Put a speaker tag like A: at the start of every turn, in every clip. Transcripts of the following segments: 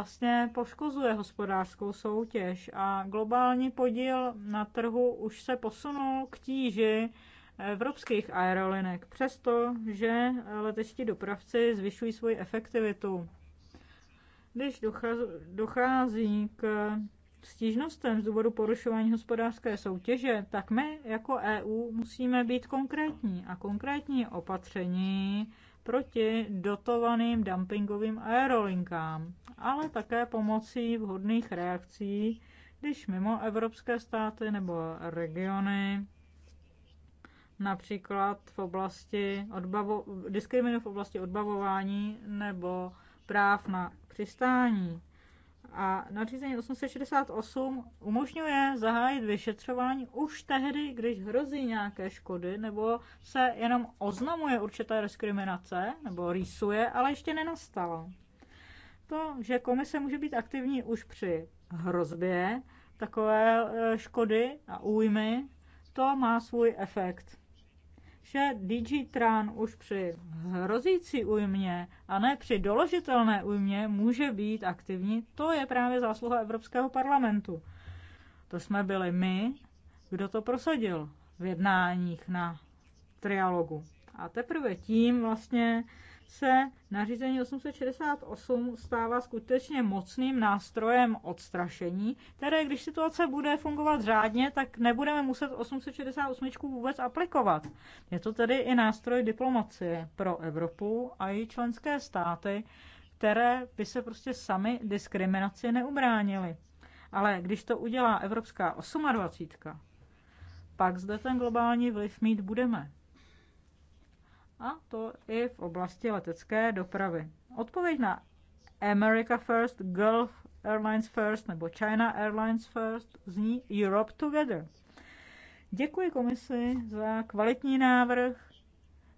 A: vlastně poškozuje hospodářskou soutěž a globální podíl na trhu už se posunul k tíži evropských aerolinek, přestože letečtí dopravci zvyšují svoji efektivitu. Když dochází k stížnostem z důvodu porušování hospodářské soutěže, tak my jako EU musíme být konkrétní a konkrétní opatření proti dotovaným dumpingovým aerolinkám, ale také pomocí vhodných reakcí, když mimo evropské státy nebo regiony, například v oblasti odbavo- diskriminu v oblasti odbavování nebo práv na přistání. A nařízení 868 umožňuje zahájit vyšetřování už tehdy, když hrozí nějaké škody, nebo se jenom oznamuje určitá diskriminace, nebo rýsuje, ale ještě nenastalo. To, že komise může být aktivní už při hrozbě takové eh, škody a újmy, to má svůj efekt že DG Tran už při hrozící újmě a ne při doložitelné újmě může být aktivní, to je právě zásluha Evropského parlamentu. To jsme byli my, kdo to prosadil v jednáních na trialogu. A teprve tím vlastně se nařízení 868 stává skutečně mocným nástrojem odstrašení, které, když situace bude fungovat řádně, tak nebudeme muset 868 vůbec aplikovat. Je to tedy i nástroj diplomacie pro Evropu a její členské státy, které by se prostě sami diskriminaci neubránily. Ale když to udělá Evropská 28, pak zde ten globální vliv mít budeme a to i v oblasti letecké dopravy. Odpověď na America First, Gulf Airlines First nebo China Airlines First zní Europe Together. Děkuji komisi za kvalitní návrh,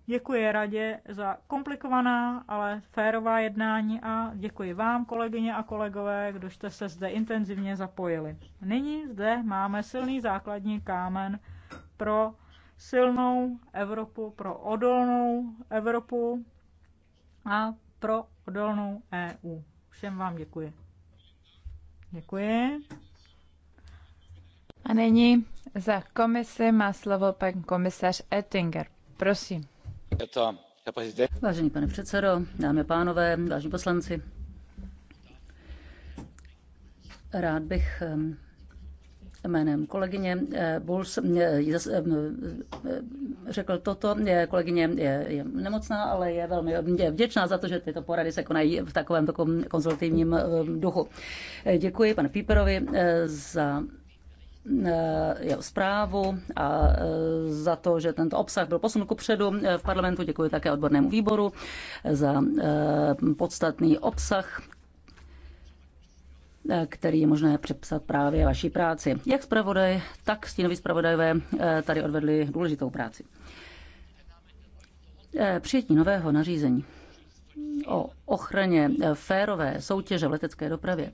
A: děkuji radě za komplikovaná, ale férová jednání a děkuji vám, kolegyně a kolegové, kdo jste se zde intenzivně zapojili. Nyní zde máme silný základní kámen pro silnou Evropu, pro odolnou Evropu a pro odolnou EU. Všem vám děkuji. Děkuji.
B: A nyní za komisi má slovo pan komisař Ettinger. Prosím. Vážený pane předsedo, dámy a pánové, vážení poslanci,
C: rád bych jménem kolegyně eh, Bulls eh, eh, řekl toto. Kolegyně je, je nemocná, ale je velmi vděčná za to, že tyto porady se konají v takovém takovém konzultivním duchu. Děkuji panu Píperovi za jeho zprávu a za to, že tento obsah byl posunut ku předu v parlamentu. Děkuji také odbornému výboru za podstatný obsah který je možné přepsat právě vaší práci. Jak zpravodaj, tak stínoví zpravodajové eh, tady odvedli důležitou práci. Eh, přijetí nového nařízení o ochraně eh, férové soutěže v letecké dopravě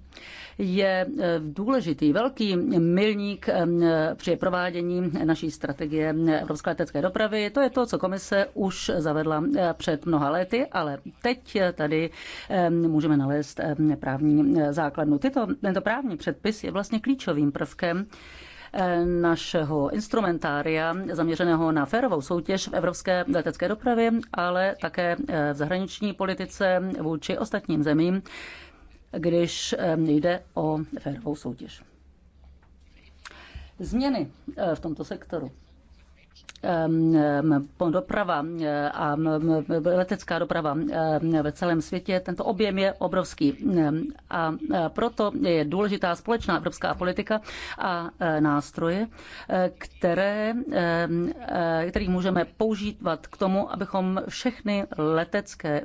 C: je eh, důležitý velký milník eh, při provádění naší strategie evropské letecké dopravy. To je to, co komise už zavedla před mnoha lety, ale teď tady můžeme nalézt právní základnu. Tyto, tento právní předpis je vlastně klíčovým prvkem našeho instrumentária zaměřeného na férovou soutěž v evropské letecké dopravě, ale také eh, v zahraniční politice vůči ostatním zemím, když eh, jde o férovou soutěž. Změny eh, v tomto sektoru doprava eh, a letecká doprava ve celém světě, tento objem je obrovský. A eh, proto je důležitá společná evropská politika a eh, nástroje, které, které můžeme používat k tomu, abychom všechny letecké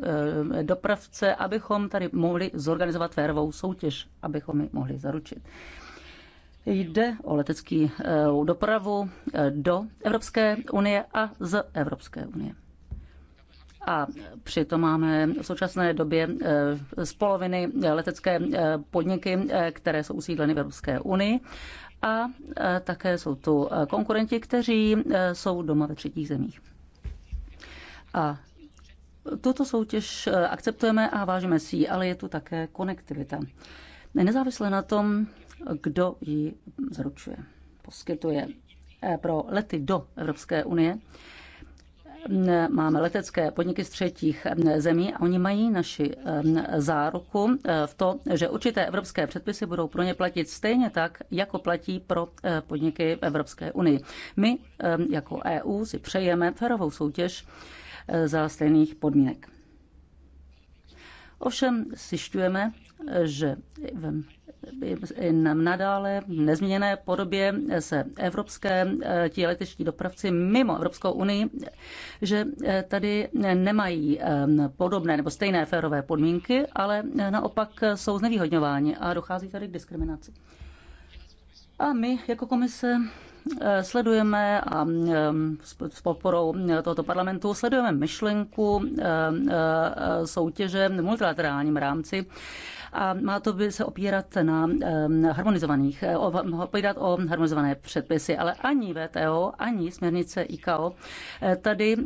C: dopravce, abychom tady mohli zorganizovat férovou soutěž, abychom ji mohli zaručit. Jde o letecký eh, dopravu eh, do Evropské unie a z Evropské unie. A přitom máme v současné době eh, z poloviny letecké podniky, které jsou usídleny v Evropské unii. A také jsou tu konkurenti, kteří jsou doma ve třetích zemích. A tuto soutěž akceptujeme a vážíme si ji, ale je tu také konektivita. Nezávisle na tom, kdo ji zaručuje, poskytuje. E, pro lety do Evropské unie máme letecké podniky z třetích zemí a oni mají naši záruku e, v to, že určité evropské předpisy budou pro ně platit stejně tak, jako platí pro e, podniky v Evropské unii. My jako EU si přejeme férovou soutěž za stejných podmínek. Ovšem zjišťujeme, že nadále v nezměněné podobě se evropské eh, ti leteční dopravci mimo Evropskou unii, že eh, tady nemají eh, podobné nebo stejné férové podmínky, ale naopak jsou znevýhodňováni a dochází tady k diskriminaci. A my jako komise sledujeme a s podporou tohoto parlamentu sledujeme myšlenku soutěže v multilaterálním rámci a má to by se opírat na harmonizovaných, eh, opírat o harmonizované předpisy, ale ani VTO, ani směrnice ICAO eh, tady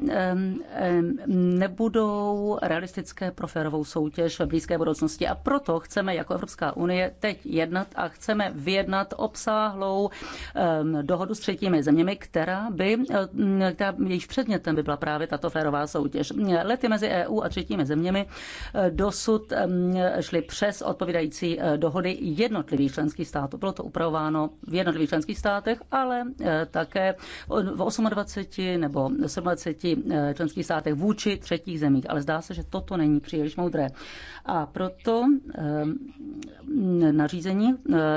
C: nebudou realistické pro férovou soutěž v blízké budoucnosti a proto chceme jako Evropská unie teď jednat a chceme vyjednat obsáhlou dohodu s třetími zeměmi, která by, eh, která jejíž předmětem by byla právě tato férová soutěž. Lety mezi EU a třetími zeměmi dosud šly přes bez odpovídající eh, dohody jednotlivých členských států. Bylo to upravováno v jednotlivých členských státech, ale eh, také v 28 nebo 27 eh, členských státech vůči třetích zemích. Ale zdá se, že toto není příliš moudré. A proto nařízení,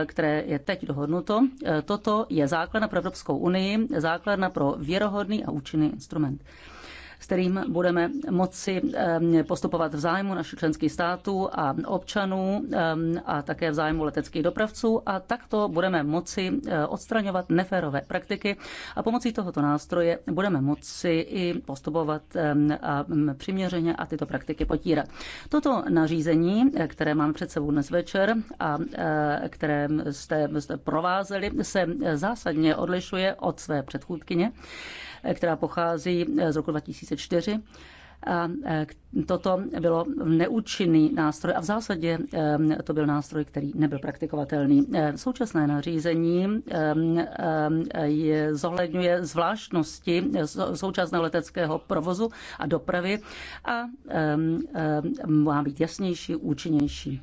C: které je teď dohodnuto, toto je základna pro Evropskou unii, základna pro věrohodný a účinný instrument s kterým budeme moci ehm, postupovat v zájmu našich členských států a občanů ehm, a také v zájmu leteckých dopravců a takto budeme moci eh, odstraňovat neférové praktiky a pomocí tohoto nástroje budeme moci i postupovat ehm, a mm, přiměřeně a tyto praktiky potírat. Toto nařízení, eh, které mám před sebou dnes večer a eh, které jste, jste provázeli, se zásadně odlišuje od své předchůdkyně která pochází z roku 2004 a e, toto bylo neúčinný nástroj a v zásadě e, to byl nástroj, který nebyl praktikovatelný. E, současné nařízení je, zohledňuje zvláštnosti současného leteckého provozu a dopravy a má být jasnější, účinnější.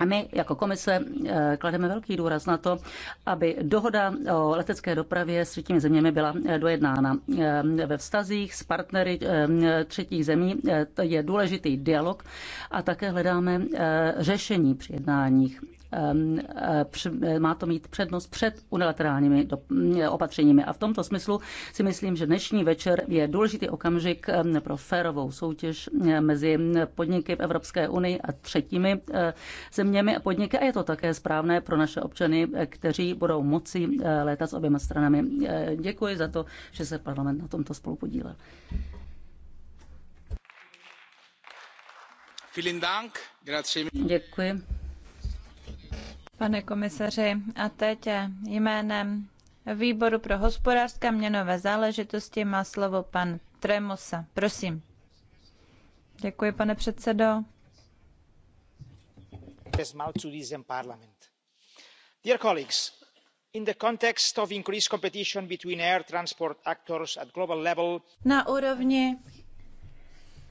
C: A my jako komise eh, klademe velký důraz na to, aby dohoda o letecké dopravě s třetími zeměmi byla eh, dojednána. Eh, ve vztazích s partnery třetích zemí je důležitý dialog a také hledáme řešení při jednáních. Ehm, eh, eh, má to mít přednost před unilaterálními mm, opatřeními. A v tomto smyslu si myslím, že dnešní večer je důležitý okamžik ehm, pro férovou soutěž eh, mezi podniky v Evropské unii a třetími zeměmi a podniky. A je to také správné pro naše občany, kteří budou moci létat s oběma stranami. Děkuji za to, že se parlament na tomto spolu podílel. Děkuji
B: pane komisaři. A teď jménem Výboru pro hospodářské a měnové záležitosti má slovo pan Tremosa. Prosím. Děkuji, pane předsedo.
A: Dear colleagues, in the context of increased competition between air transport actors at global level,
B: na úrovni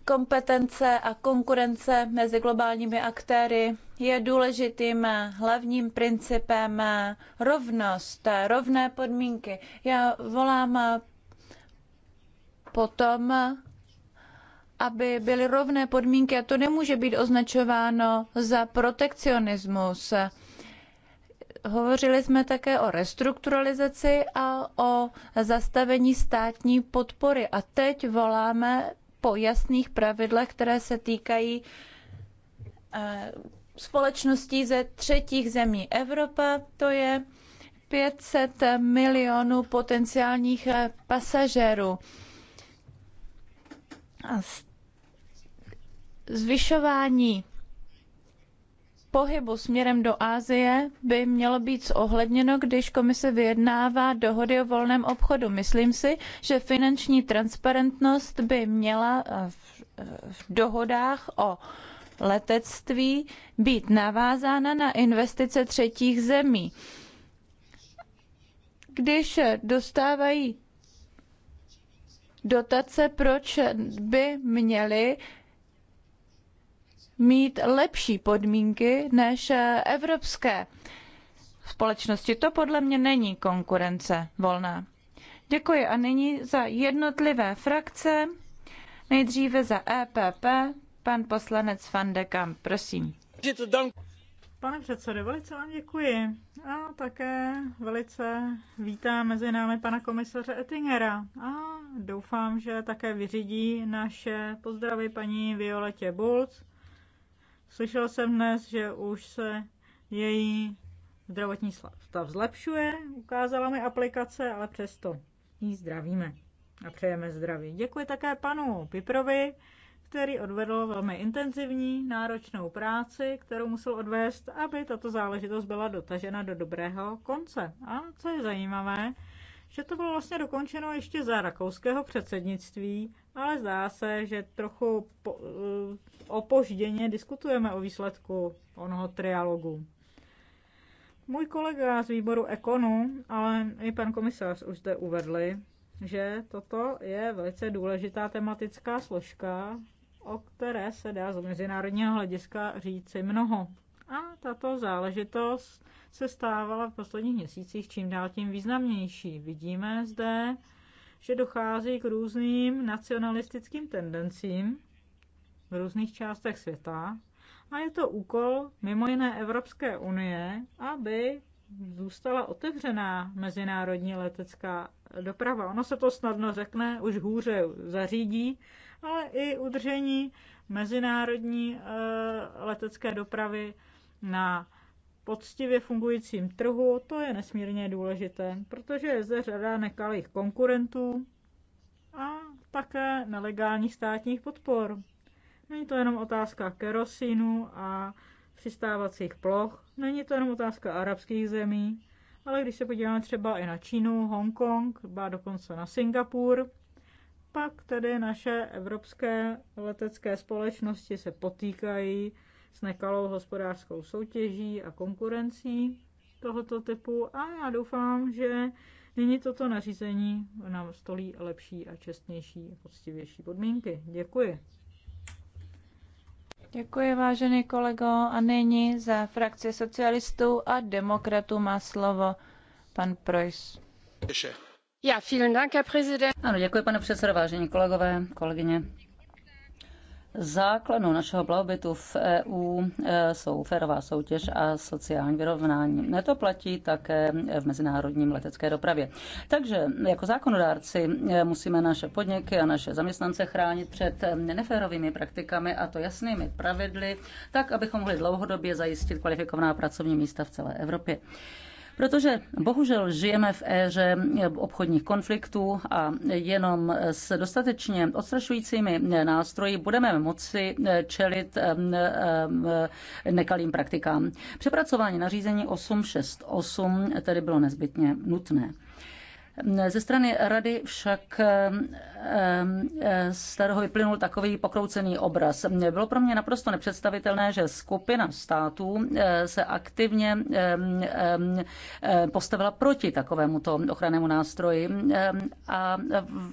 B: Kompetence a konkurence mezi globálními aktéry je důležitým hlavním principem rovnost, rovné podmínky. Já volám potom, aby byly rovné podmínky a to nemůže být označováno za protekcionismus. Hovořili jsme také o restrukturalizaci a o zastavení státní podpory. A teď voláme po jasných pravidlech, které se týkají eh, společností ze třetích zemí. Evropa to je 500 milionů potenciálních eh, pasažérů. A zvyšování pohybu směrem do Asie by mělo být zohledněno, když komise vyjednává dohody o volném obchodu. Myslím si, že finanční transparentnost by měla eh, eh, v, dohodách o letectví být navázána na investice třetích zemí. Když dostávají dotace, proč by měly mít lepší podmínky než evropské společnosti. To podle mě není konkurence volná. Děkuji a nyní za jednotlivé frakce, nejdříve za EPP, pan poslanec Van de Kamp, prosím.
A: Pane předsedo, velice vám děkuji. A také velice vítám mezi námi pana komisaře Ettingera. A doufám, že také vyřídí naše pozdravy paní Violetě Bulc Slyšel jsem dnes, že už se její zdravotní stav zlepšuje, ukázala mi aplikace, ale přesto jí zdravíme a přejeme zdraví. Děkuji také panu Piprovi, který odvedl velmi intenzivní, náročnou práci, kterou musel odvést, aby tato záležitost byla dotažena do dobrého konce. A co je zajímavé, že to bylo vlastně dokončeno ještě za rakouského předsednictví, ale zdá se, že trochu po, eh, opožděně diskutujeme o výsledku onoho trialogu. Můj kolega z výboru Ekonu, ale i pan komisař už zde uvedli, že toto je velice důležitá tematická složka, o které se dá z mezinárodního hlediska říci mnoho. A tato záležitost se stávala v posledních měsících čím dál tím významnější. Vidíme zde, že dochází k různým nacionalistickým tendencím v různých částech světa a je to úkol mimo jiné Evropské unie, aby zůstala otevřená mezinárodní letecká doprava. Ono se to snadno řekne, už hůře zařídí, ale i udržení mezinárodní eh, letecké dopravy na poctivě fungujícím trhu, to je nesmírně důležité, protože je zde řada nekalých konkurentů a také nelegálních státních podpor. Není to jenom otázka kerosinu a přistávacích ploch, není to jenom otázka arabských zemí, ale když se podíváme třeba i na Čínu, Hongkong, ba dokonce na Singapur, pak tedy naše evropské letecké společnosti se potýkají s nekalou hospodářskou soutěží a konkurencí tohoto typu a já doufám, že nyní toto nařízení nám stolí lepší a čestnější, poctivější podmínky. Děkuji.
B: Děkuji, vážený kolego. A nyní za frakci socialistů a demokratů má slovo pan Preuss.
C: Ja, vielen Dank, Herr Präsident. Ano, děkuji, pane předsedo, vážení kolegové, kolegyně. Základnou našeho blahobytu v EU e, jsou férová soutěž a sociální vyrovnání. To platí také v mezinárodním letecké dopravě. Takže jako zákonodárci e, musíme naše podniky a naše zaměstnance chránit před e, neférovými praktikami a to jasnými pravidly, tak abychom mohli dlouhodobě zajistit kvalifikovaná pracovní místa v celé Evropě protože bohužel žijeme v éře obchodních konfliktů a jenom s dostatečně odstrašujícími nástroji budeme moci čelit eh, eh, eh, nekalým praktikám. Přepracování nařízení 868 tedy bylo nezbytně nutné. Ze strany rady však eh, eh, z toho vyplynul takový pokroucený obraz. Bylo pro mě naprosto nepředstavitelné, že skupina států eh, se aktivně postavila proti takovémuto ochrannému nástroji a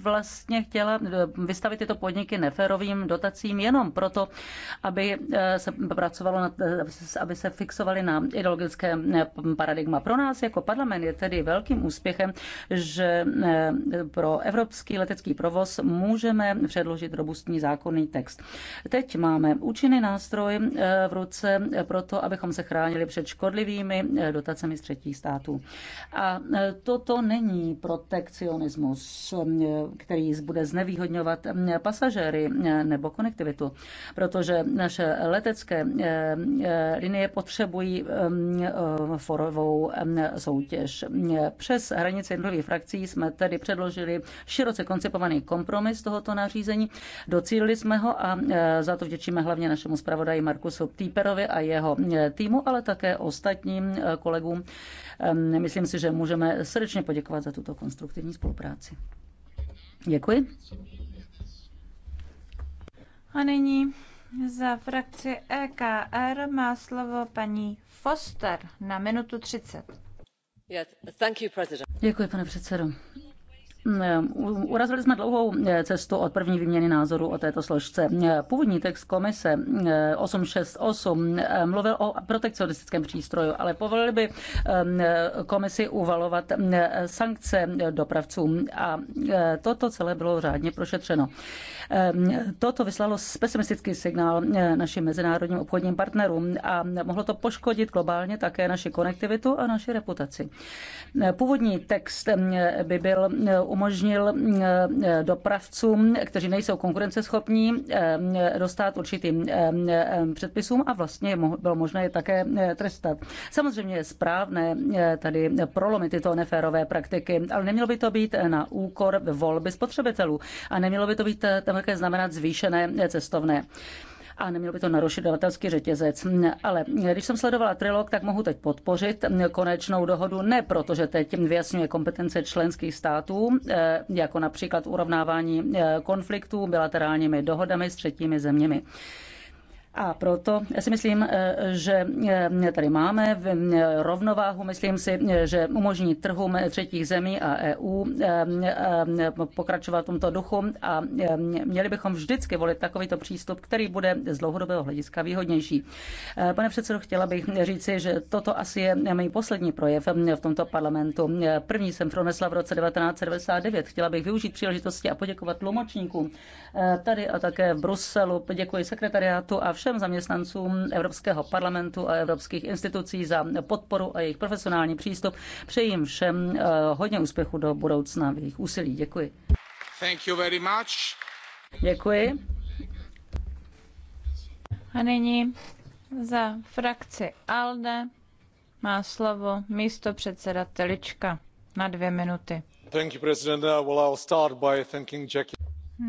C: vlastně chtěla vystavit tyto podniky neférovým dotacím jenom proto, aby se pracovalo, na, aby se fixovali na ideologické paradigma. Pro nás jako parlament je tedy velkým úspěchem, že eh, pro evropský letecký provoz můžeme předložit robustní zákonný text. Teď máme účinný nástroj eh, v ruce pro to, abychom se chránili před škodlivými eh, dotacemi z třetích států. A toto není protekcionismus, který bude znevýhodňovat pasažéry nebo konektivitu, protože naše letecké linie potřebují forovou soutěž. Přes hranice jednotlivých frakcí jsme tedy předložili široce koncipovaný kompromis tohoto nařízení. Docílili jsme ho a e, za to vděčíme hlavně našemu zpravodaji Markusu Týperovi a jeho e, týmu, ale také ostatním e, kolegům. Myslím si, že můžeme srdečně poděkovat za tuto
B: konstruktivní spolupráci. Děkuji. A nyní za frakci EKR má slovo paní Foster na minutu 30.
A: Yes, thank you, President.
B: Děkuji, pane předsedo.
C: Ehm, urazili jsme dlouhou eh, cestu od první výměny názoru o této složce. Eh, původní text komise 868 eh, mluvil o protekcionistickém přístroju, ale povolili by ehm, komisi uvalovat sankce dopravcům a toto celé bylo řádně prošetřeno. Ehm, toto vyslalo pesimistický signál našim mezinárodním obchodním partnerům a mohlo to poškodit globálně také naši konektivitu a naši reputaci. Původní text by byl um umožnil mm, eh, eh, dopravcům, kteří nejsou konkurenceschopní, eh, dostat určitým předpisům a vlastně bylo možné je také trestat. Samozřejmě je správné tady prolomit tyto neférové praktiky, ale nemělo by to být na úkor volby spotřebitelů a nemělo by to být také znamenat zvýšené cestovné a nemělo by to narušit dodatelský řetězec. Ale když jsem sledovala trilog, tak mohu teď podpořit konečnou dohodu, ne proto, že teď vyjasňuje kompetence členských států, eh, jako například urovnávání eh, konfliktů bilaterálními dohodami s třetími zeměmi. A proto já si myslím, eh, že eh, tady máme eh, rovnováhu, myslím si, že umožní trhům třetích zemí a EU pokračovat v tomto duchu a měli bychom vždycky volit takovýto přístup, který bude z dlouhodobého hlediska výhodnější. Pane předsedo, chtěla bych říci, že toto asi je můj poslední projev v tomto parlamentu. První jsem pronesla v roce 1999. Chtěla bych využít příležitosti a poděkovat tlumočníkům tady a také v Bruselu. Poděkuji sekretariátu a všem všem zaměstnancům Evropského parlamentu a evropských institucí za podporu a jejich profesionální přístup. Přeji jim všem eh, hodně úspěchu do budoucna v jejich úsilí. Děkuji.
B: Thank you very much. Děkuji. A nyní za frakci ALDE má slovo místo předseda Telička na dvě minuty.
A: Thank you, President. Well, I'll start by thanking Jackie.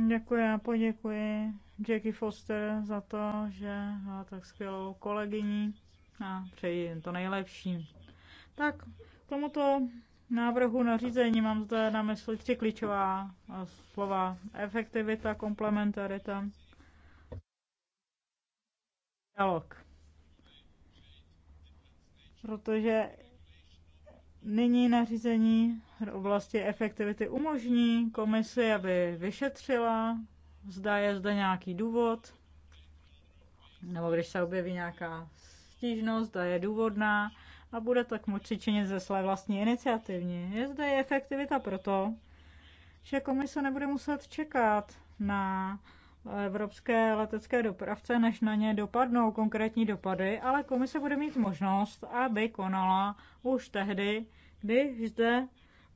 A: Děkuji a poděkuji Jackie Foster za to, že má tak skvělou kolegyni a přeji jen to nejlepší. Tak k tomuto návrhu nařízení mám zde na mysli tři klíčová eh, slova. Efektivita, komplementarita, dialog. Protože nyní nařízení v oblasti efektivity umožní komisi, aby vyšetřila zda je zde nějaký důvod, nebo když se objeví nějaká stížnost, zda je důvodná a bude tak moci činit ze své vlastní iniciativní. Je zde i efektivita proto, že komise nebude muset čekat na evropské letecké dopravce, než na ně dopadnou konkrétní dopady, ale komise bude mít možnost, aby konala už tehdy, když zde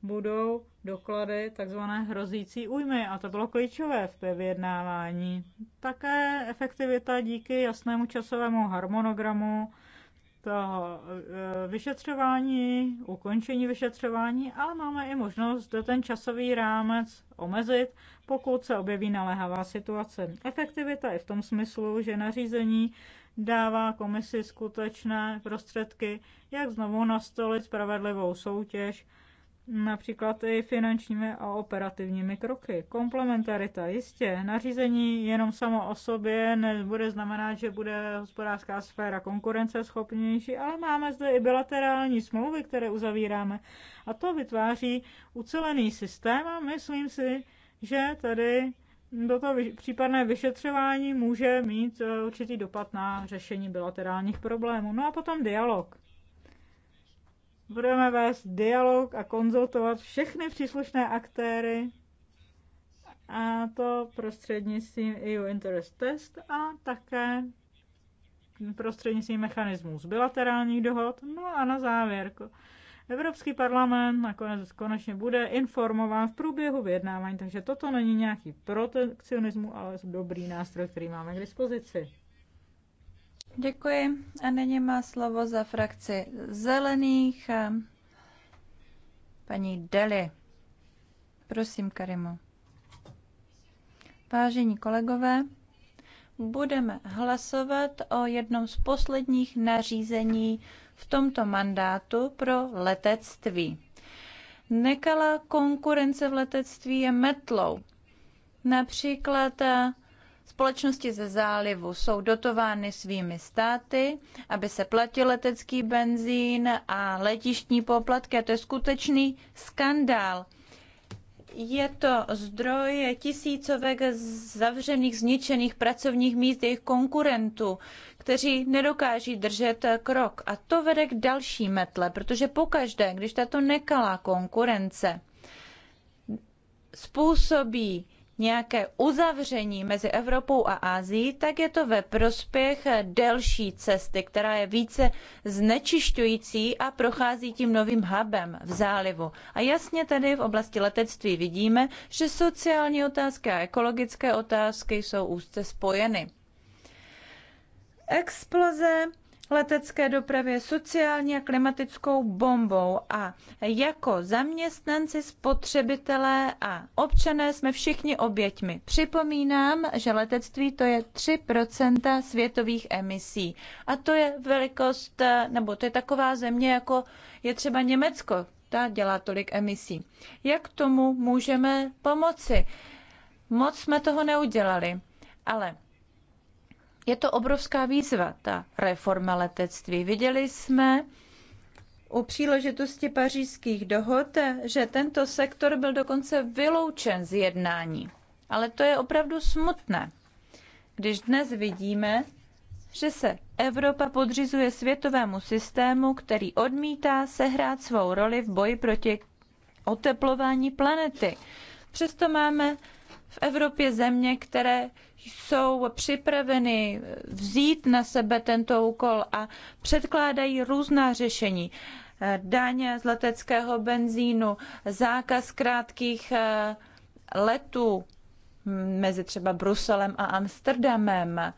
A: budou doklady tzv. hrozící újmy a to bylo klíčové v té vyjednávání. Také efektivita díky jasnému časovému harmonogramu toho eh, vyšetřování, ukončení vyšetřování, ale máme i možnost ten časový rámec omezit, pokud se objeví naléhavá situace. Efektivita je v tom smyslu, že nařízení dává komisi skutečné prostředky, jak znovu nastolit spravedlivou soutěž například i finančními a operativními kroky. Komplementarita, jistě, nařízení jenom samo o sobě nebude znamenat, že bude hospodářská sféra konkurenceschopnější, ale máme zde i bilaterální smlouvy, které uzavíráme a to vytváří ucelený systém a myslím si, že tady do toho případné vyšetřování může mít eh, určitý dopad na řešení bilaterálních problémů. No a potom dialog Budeme vést dialog a konzultovat všechny příslušné aktéry a to prostřednictvím EU Interest Test a také prostřednictvím mechanismů z bilaterálních dohod. No a na závěr, Evropský parlament nakonec konečně bude informován v průběhu vyjednávání, takže toto není nějaký protekcionismus, ale dobrý nástroj, který máme k dispozici. Děkuji.
B: A nyní má slovo za frakci zelených eh, paní Deli. Prosím, Karimu. Vážení kolegové, budeme hlasovat o jednom z posledních nařízení v tomto mandátu pro letectví. Nekala konkurence v letectví je metlou. Například eh, Společnosti ze zálivu jsou dotovány svými státy, aby se platil letecký benzín a letištní poplatky. A to je skutečný skandál. Je to zdroj tisícovek zavřených, zničených pracovních míst jejich konkurentů, kteří nedokáží držet krok. A to vede k další metle, protože pokaždé, když tato nekalá konkurence způsobí nějaké uzavření mezi Evropou a Ázií, tak je to ve prospěch delší cesty, která je více znečišťující a prochází tím novým hubem v zálivu. A jasně tedy v oblasti letectví vidíme, že sociální otázky a ekologické otázky jsou úzce spojeny. Exploze letecké dopravě sociální a klimatickou bombou a jako zaměstnanci, spotřebitelé a občané jsme všichni oběťmi. Připomínám, že letectví to je 3% světových emisí a to je velikost, nebo to je taková země, jako je třeba Německo, ta dělá tolik emisí. Jak tomu můžeme pomoci? Moc jsme toho neudělali, ale je to obrovská výzva, ta reforma letectví. Viděli jsme u příležitosti pařížských dohod, že tento sektor byl dokonce vyloučen z jednání. Ale to je opravdu smutné, když dnes vidíme, že se Evropa podřizuje světovému systému, který odmítá sehrát svou roli v boji proti oteplování planety. Přesto máme v Evropě země, které jsou připraveny vzít na sebe tento úkol a předkládají různá řešení. Daň z leteckého benzínu, zákaz krátkých eh, letů mezi třeba Bruselem a Amsterdamem.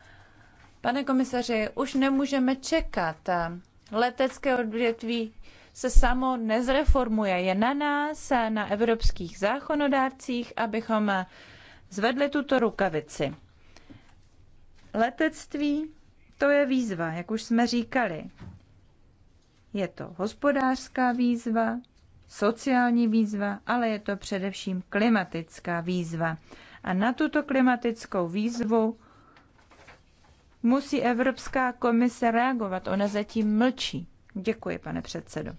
B: Pane komisaři, už nemůžeme čekat. Letecké odvětví se samo nezreformuje. Je na nás, na evropských zákonodárcích, abychom zvedli tuto rukavici. Letectví to je výzva, jak už jsme říkali. Je to hospodářská výzva, sociální výzva, ale je to především klimatická výzva. A na tuto klimatickou výzvu musí Evropská komise reagovat. Ona zatím mlčí. Děkuji, pane předsedo.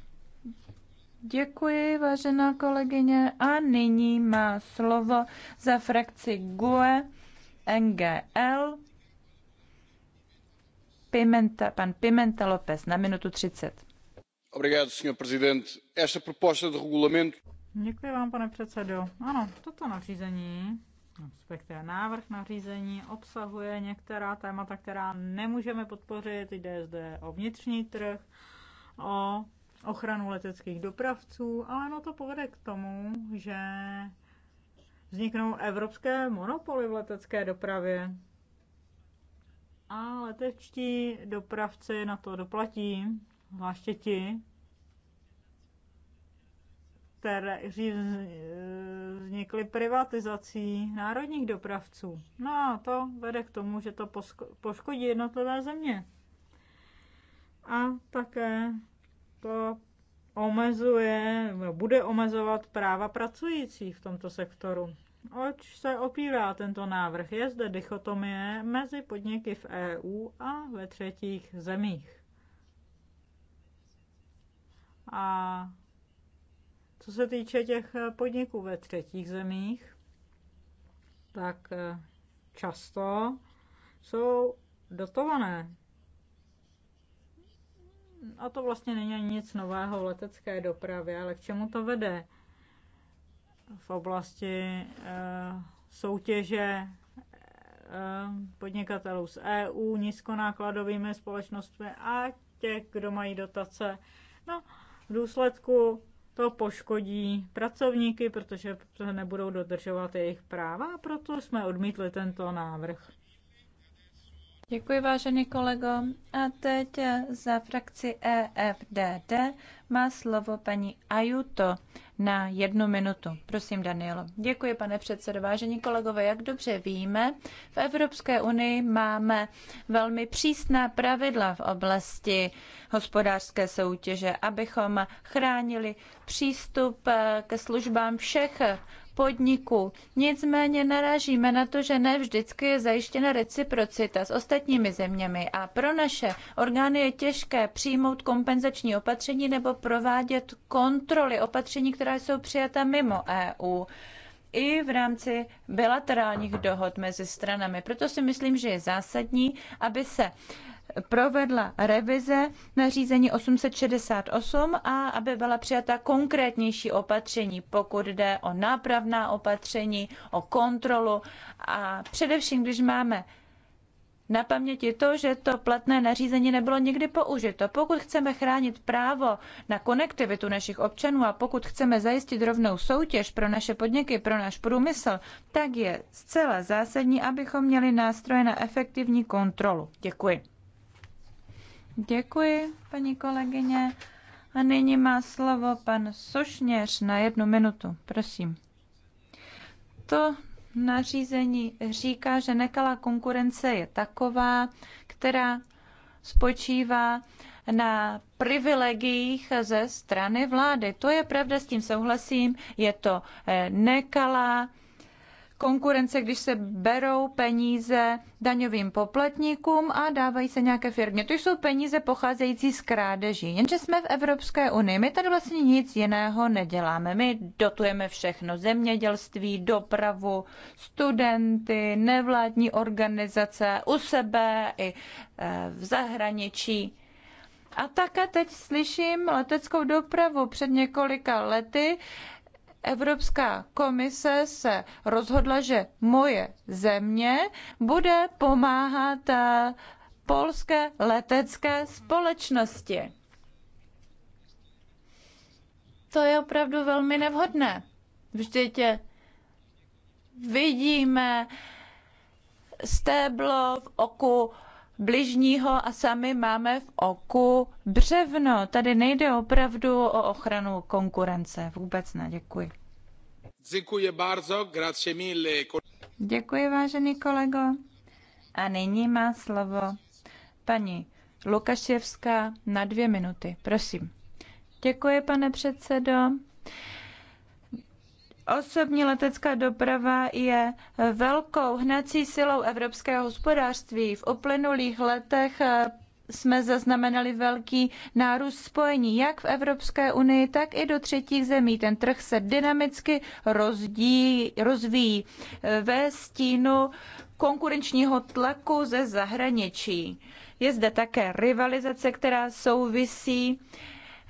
B: Děkuji, vážená kolegyně. A nyní má slovo za frakci GUE NGL Pimenta, pan Pimenta López na minutu 30. Obrigado, senhor presidente. Esta proposta de regulamento...
A: Děkuji vám, pane předsedo. Ano, toto nařízení, respektive návrh nařízení, obsahuje některá témata, která nemůžeme podpořit. Jde zde o vnitřní trh, o ochranu leteckých dopravců, ale no to povede k tomu, že vzniknou evropské monopoly v letecké dopravě. A letečtí dopravci na to doplatí, zvláště ti, které vznikly privatizací národních dopravců. No a to vede k tomu, že to poškodí jednotlivé země. A také to omezuje, bude omezovat práva pracujících v tomto sektoru. Oč se opírá tento návrh? Je zde dichotomie mezi podniky v EU a ve třetích zemích. A co se týče těch podniků ve třetích zemích, tak eh, často jsou dotované a to vlastně není ani nic nového v letecké dopravě, ale k čemu to vede? V oblasti eh, soutěže eh, podnikatelů z EU, nízkonákladovými společnostmi a těch, kdo mají dotace. No, v důsledku to poškodí pracovníky, protože nebudou dodržovat jejich práva a proto jsme odmítli tento návrh.
B: Děkuji, vážený kolego. A teď za frakci EFDD má slovo paní Ajuto na jednu minutu. Prosím, Danielo. Děkuji, pane předsedo. Vážení kolegové, jak dobře víme, v Evropské unii máme velmi přísná pravidla v oblasti hospodářské soutěže, abychom chránili přístup ke službám všech podniků. Nicméně narážíme na to, že ne vždycky je zajištěna reciprocita s ostatními zeměmi a pro naše orgány je těžké přijmout kompenzační opatření nebo provádět kontroly opatření, která jsou přijata mimo EU i v rámci bilaterálních dohod mezi stranami. Proto si myslím, že je zásadní, aby se provedla revize nařízení 868 a aby byla přijata konkrétnější opatření, pokud jde o nápravná opatření, o kontrolu a především, když máme na paměti to, že to platné nařízení nebylo nikdy použito. Pokud chceme chránit právo na konektivitu našich občanů a pokud chceme zajistit rovnou soutěž pro naše podniky, pro náš průmysl, tak je zcela zásadní, abychom měli nástroje na efektivní kontrolu. Děkuji. Děkuji, paní kolegyně. A nyní má slovo pan Sošněř na jednu minutu. Prosím. To nařízení říká, že nekalá konkurence je taková, která spočívá na privilegiích ze strany vlády. To je pravda, s tím souhlasím. Je to eh, nekalá konkurence, když se berou peníze daňovým poplatníkům a dávají se nějaké firmě. To jsou peníze pocházející z krádeží. Jenže jsme v Evropské unii. My tady vlastně nic jiného neděláme. My dotujeme všechno. Zemědělství, dopravu, studenty, nevládní organizace, u sebe i eh, v zahraničí. A také teď slyším leteckou dopravu před několika lety Evropská komise se rozhodla, že moje země bude pomáhat eh, polské letecké společnosti. To je opravdu velmi nevhodné. Vždyť eh, vidíme stéblo v oku bližního a sami máme v oku břevno. Tady nejde opravdu o ochranu konkurence. Vůbec ne, děkuji. Děkuji vážený kolego. A nyní má slovo paní Lukaševská na dvě minuty. Prosím. Děkuji, pane předsedo. Osobní letecká doprava je velkou hnací silou evropského hospodářství. V uplynulých letech eh, jsme zaznamenali velký nárůst spojení jak v Evropské unii, tak i do třetích zemí. Ten trh se dynamicky rozdí, rozvíjí eh, ve stínu konkurenčního tlaku ze zahraničí. Je zde také rivalizace, která souvisí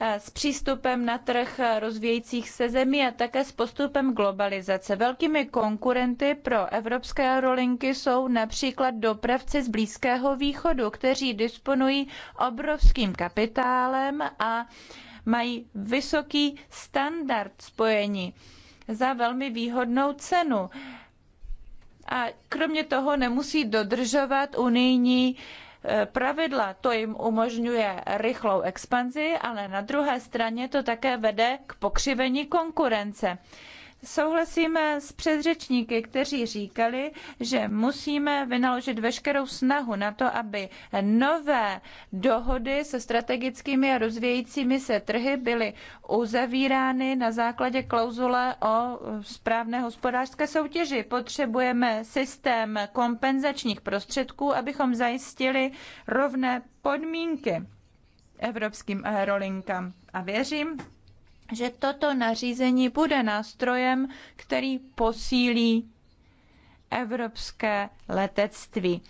B: Eh, s přístupem na trh rozvíjejících se zemí a také s postupem globalizace. Velkými konkurenty pro evropské aerolinky jsou například dopravci z Blízkého východu, kteří disponují obrovským kapitálem a mají vysoký standard spojení za velmi výhodnou cenu. A kromě toho nemusí dodržovat unijní Eh, pravidla. To jim umožňuje rychlou expanzi, ale na druhé straně to také vede k pokřivení konkurence. Souhlasíme s předřečníky, kteří říkali, že musíme vynaložit veškerou snahu na to, aby nové dohody se strategickými a rozvějícími se trhy byly uzavírány na základě klauzule o správné hospodářské soutěži. Potřebujeme systém kompenzačních prostředků, abychom zajistili rovné podmínky evropským aerolinkám. A věřím, že toto nařízení bude nástrojem, který posílí evropské letectví.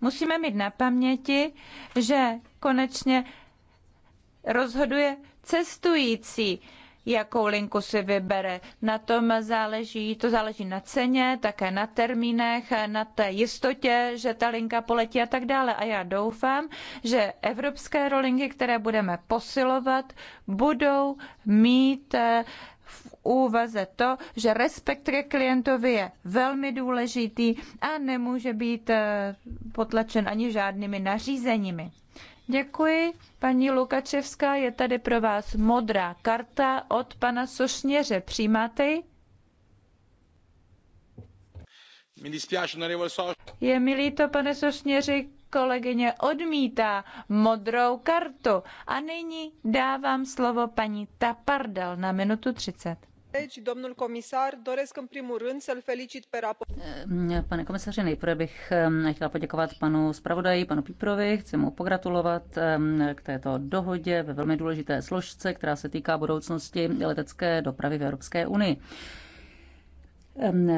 B: Musíme mít na paměti, že konečně rozhoduje cestující, jakou linku si vybere. Na tom záleží, to záleží na ceně, také na termínech, na té jistotě, že ta linka poletí a tak dále. A já doufám, že evropské rolingy, které budeme posilovat, budou mít eh, v úvaze to, že respekt ke klientovi je velmi důležitý a nemůže být eh, potlačen ani žádnými nařízeními. Děkuji. Paní Lukačevská, je tady pro vás modrá karta od pana Sošněře. Přijímáte ji? Je mi líto, pane Sošněři, kolegyně odmítá modrou kartu. A nyní dávám slovo paní Tapardel na minutu 30.
A: Eh,
C: pane komisaři, nejprve bych eh, chtěla poděkovat panu zpravodaji, panu Píprovi, chci mu pogratulovat eh, k této dohodě ve velmi důležité složce, která se týká budoucnosti letecké dopravy v Evropské unii.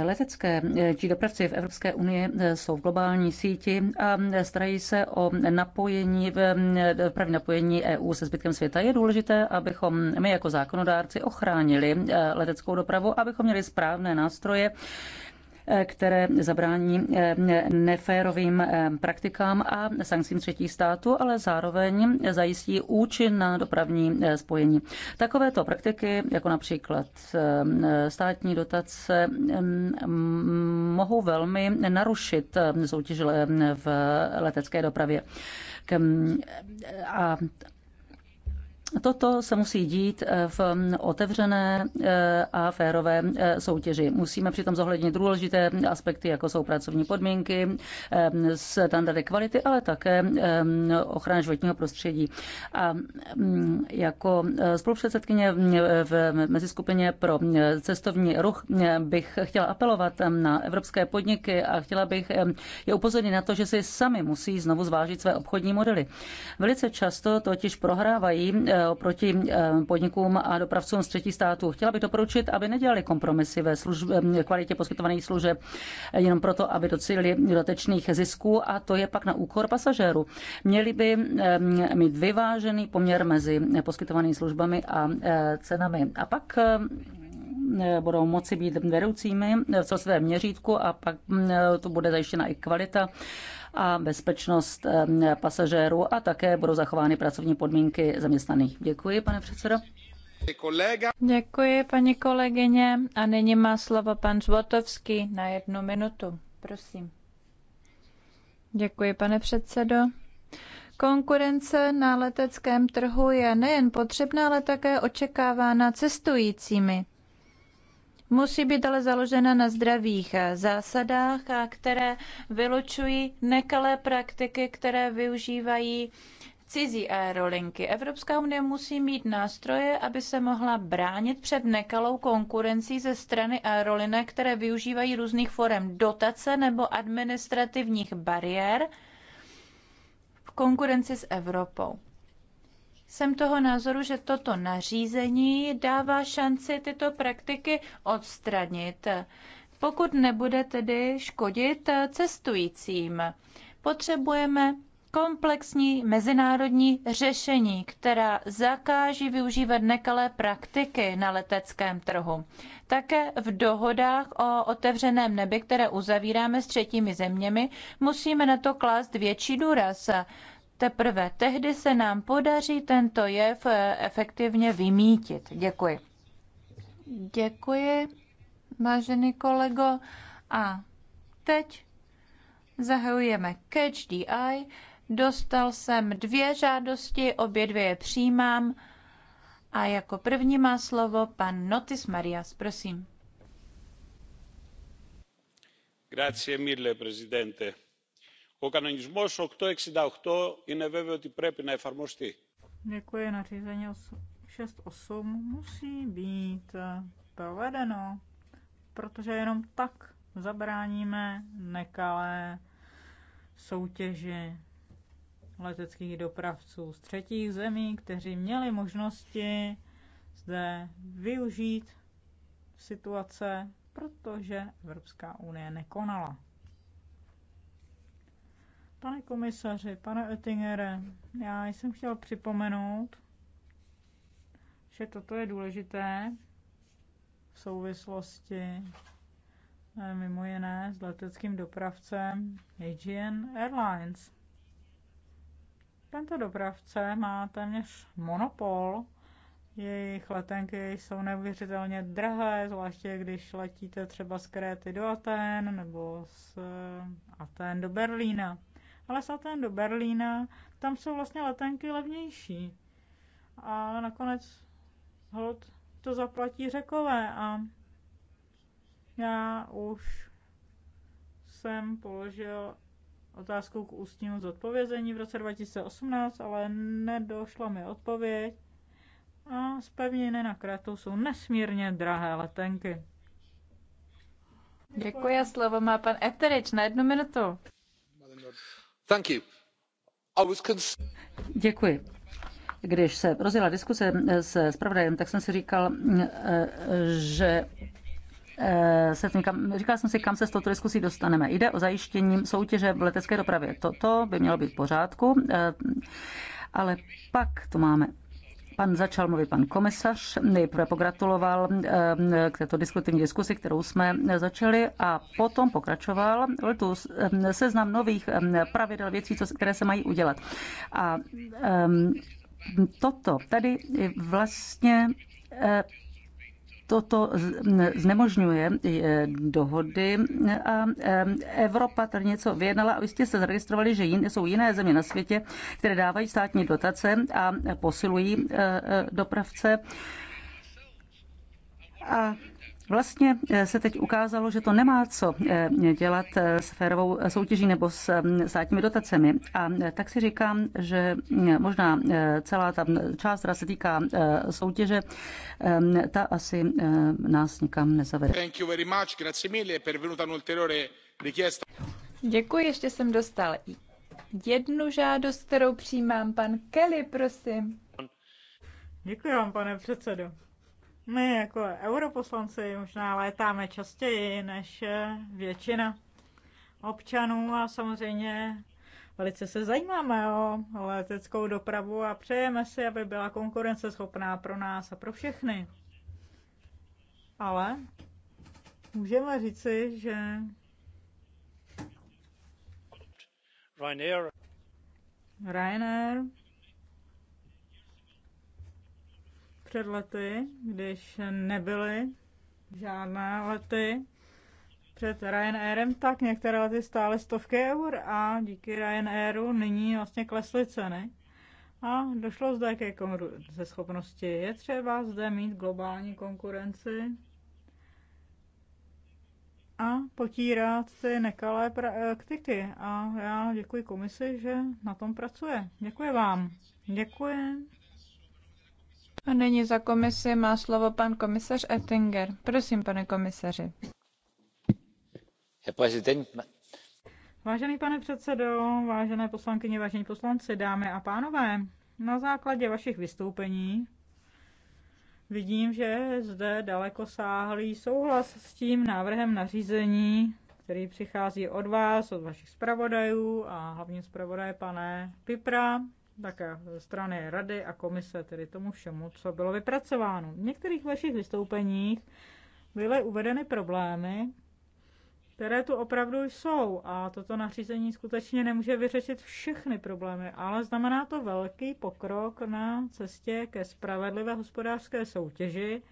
C: Letecké eh, či dopravci v Evropské unii eh, jsou v globální síti a eh, starají se o napojení, dopravní napojení EU se zbytkem světa. Je důležité, abychom my jako zákonodárci ochránili leteckou dopravu, abychom měli správné nástroje, které zabrání eh, neférovým eh, praktikám a sankcím třetích států, ale zároveň zajistí účinná dopravní eh, spojení. Takovéto praktiky, jako například státní dotace, mm, mm, mohou velmi narušit soutěžile v letecké dopravě. A Toto se musí dít eh, v mm, otevřené eh, a férové eh, soutěži. Musíme přitom zohlednit důležité aspekty, jako jsou pracovní podmínky, standardy kvality, ale také ochrana životního prostředí. A mm, jako spolupředsedkyně mm, v meziskupině pro cestovní ruch bych chtěla apelovat na evropské podniky a chtěla bych je upozornit na to, že si sami musí znovu zvážit své obchodní modely. Velice často totiž prohrávají proti eh, podnikům a dopravcům z třetí států. Chtěla bych doporučit, aby nedělali kompromisy ve služb, eh, kvalitě poskytovaných služeb eh, jenom proto, aby docílili dotečných zisků a to je pak na úkor pasažérů. Měli by mít vyvážený poměr mezi poskytovanými službami a cenami. A pak budou moci být vedoucími v celosvém měřítku a pak mm, to bude zajištěna i kvalita a bezpečnost pasažérů a také budou zachovány pracovní podmínky zaměstnaných. Děkuji,
B: pane předsedo. Děkuji, paní kolegyně. A nyní má slovo pan Zvotovský na jednu minutu. Prosím. Děkuji, pane předsedo. Konkurence na leteckém trhu je nejen potřebná, ale také očekávána cestujícími musí být ale založena na zdravých zásadách, které vylučují nekalé praktiky, které využívají cizí aerolinky. Evropská unie musí mít nástroje, aby se mohla bránit před nekalou konkurencí ze strany aerolinek, které využívají různých forem dotace nebo administrativních bariér v konkurenci s Evropou jsem toho názoru, že toto nařízení dává šanci tyto praktiky odstranit, pokud nebude tedy škodit cestujícím. Potřebujeme komplexní mezinárodní řešení, která zakáží využívat nekalé praktiky na leteckém trhu. Také v dohodách o otevřeném nebi, které uzavíráme s třetími zeměmi, musíme na to klást větší důraz. Teprve tehdy se nám podaří tento jev eh, efektivně vymítit. Děkuji. Děkuji, vážený kolego. A teď zahajujeme Catch the Eye. Dostal jsem dvě žádosti, obě dvě je přijímám. A jako první má slovo pan Notis Marias, prosím. Grazie mille, presidente o κανονισμός 868 είναι βέβαιο ότι πρέπει να εφαρμοστεί.
A: Děkuji, nařízení musí být provedeno, protože jenom tak zabráníme nekalé soutěži leteckých dopravců z třetích zemí, kteří měli možnosti zde využít situace, protože Evropská unie nekonala. Pane komisaři, pane Oettingere, já jsem chtěl připomenout, že toto je důležité v souvislosti eh, mimo jiné s leteckým dopravcem Aegean Airlines. Tento dopravce má téměř monopol. Jejich letenky jsou neuvěřitelně drahé, zvláště když letíte třeba z Kréty do Aten nebo z eh, Aten do Berlína ale satén do Berlína, tam jsou vlastně letenky levnější. A nakonec hod to zaplatí řekové a já už jsem položil otázku k ústnímu zodpovězení v roce 2018, ale nedošla mi odpověď. A z pevniny na Kretu jsou nesmírně drahé letenky. Děkuji a slovo má pan Eterič na jednu minutu.
B: Děkuji.
C: Když se rozjela diskuse eh, se zpravodajem, tak jsem si říkal, eh, že eh, se kam, říkal jsem si, kam se s touto diskusí dostaneme. Jde o zajištění soutěže v letecké dopravě. Toto by mělo být v pořádku, ale pak tu máme Pan začal mluvit pan komisař, nejprve pogratuloval eh, k této diskutivní diskusi, kterou jsme začali a potom pokračoval tu eh, seznam nových eh, pravidel věcí, které se mají udělat. A ehm, toto tady vlastně Toto znemožňuje eh, dohody a eh, Evropa tady něco vyjednala a vy jste se zaregistrovali, že jsou jiné země na světě, které dávají státní dotace a posilují eh, dopravce. A Vlastně eh, se teď ukázalo, že to nemá co eh, dělat eh, s férovou soutěží nebo s státními dotacemi. A tak si říkám, že možná celá ta část, která se týká soutěže, ta asi nás nikam nezavede. Thank
B: you very much. Grazie mille per venuta ulteriore richiesta. Děkuji, ještě jsem dostal
A: jednu žádost, kterou přijímám. Pan Kelly, prosím. Děkuji vám, pane předsedo. My jako europoslanci možná létáme častěji než eh, většina občanů a samozřejmě velice se zajímáme o leteckou dopravu a přejeme si, aby byla konkurenceschopná pro nás a pro všechny. Ale můžeme říci, že Ryanair před lety, když nebyly žádné lety před Ryanairem, tak některé lety stály stovky eur a díky Ryanairu nyní vlastně klesly ceny. A došlo zde ke ze schopnosti. Je třeba zde mít globální konkurenci a potírat ty nekalé praktiky. A já děkuji komisi, že na tom pracuje. Děkuji vám. Děkuji.
B: A nyní za komisi má slovo pan komisař Ettinger. Prosím, pane komisaři.
A: Vážený pane předsedo, vážené poslankyně, vážení poslanci, dámy a pánové, na základě vašich vystoupení vidím, že zde daleko sáhlý souhlas s tím návrhem nařízení, který přichází od vás, od vašich zpravodajů a hlavně zpravodaje pane Pipra, také ze strany rady a komise, tedy tomu všemu, co bylo vypracováno. V některých vašich vystoupeních byly uvedeny problémy, které tu opravdu jsou a toto nařízení skutečně nemůže vyřešit všechny problémy, ale znamená to velký pokrok na cestě ke spravedlivé hospodářské soutěži.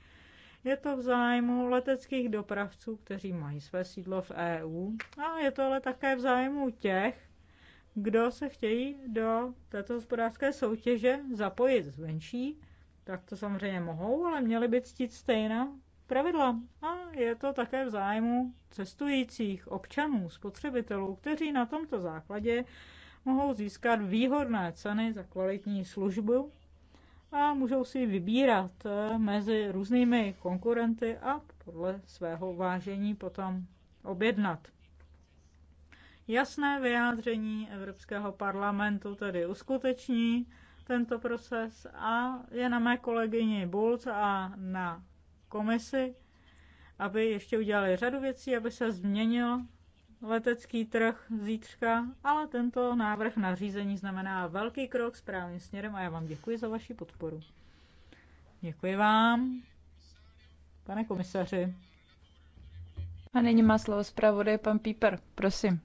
A: Je to v zájmu leteckých dopravců, kteří mají své sídlo v EU a je to ale také v zájmu těch, kdo se chtějí do této hospodářské soutěže zapojit zvenčí, tak to samozřejmě mohou, ale měly by ctít stejná pravidla. A je to také v zájmu cestujících, občanů, spotřebitelů, kteří na tomto základě mohou získat výhodné ceny za kvalitní službu a můžou si vybírat eh, mezi různými konkurenty a podle svého vážení potom objednat jasné vyjádření Evropského parlamentu tedy uskuteční tento proces a je na mé kolegyni Bulc a na komisi, aby ještě udělali řadu věcí, aby se změnil letecký trh zítřka, ale tento návrh na řízení znamená velký krok správným směrem a já vám děkuji za vaši podporu. Děkuji vám, pane komisaři.
B: A nyní má slovo zpravodaj pan Píper, prosím.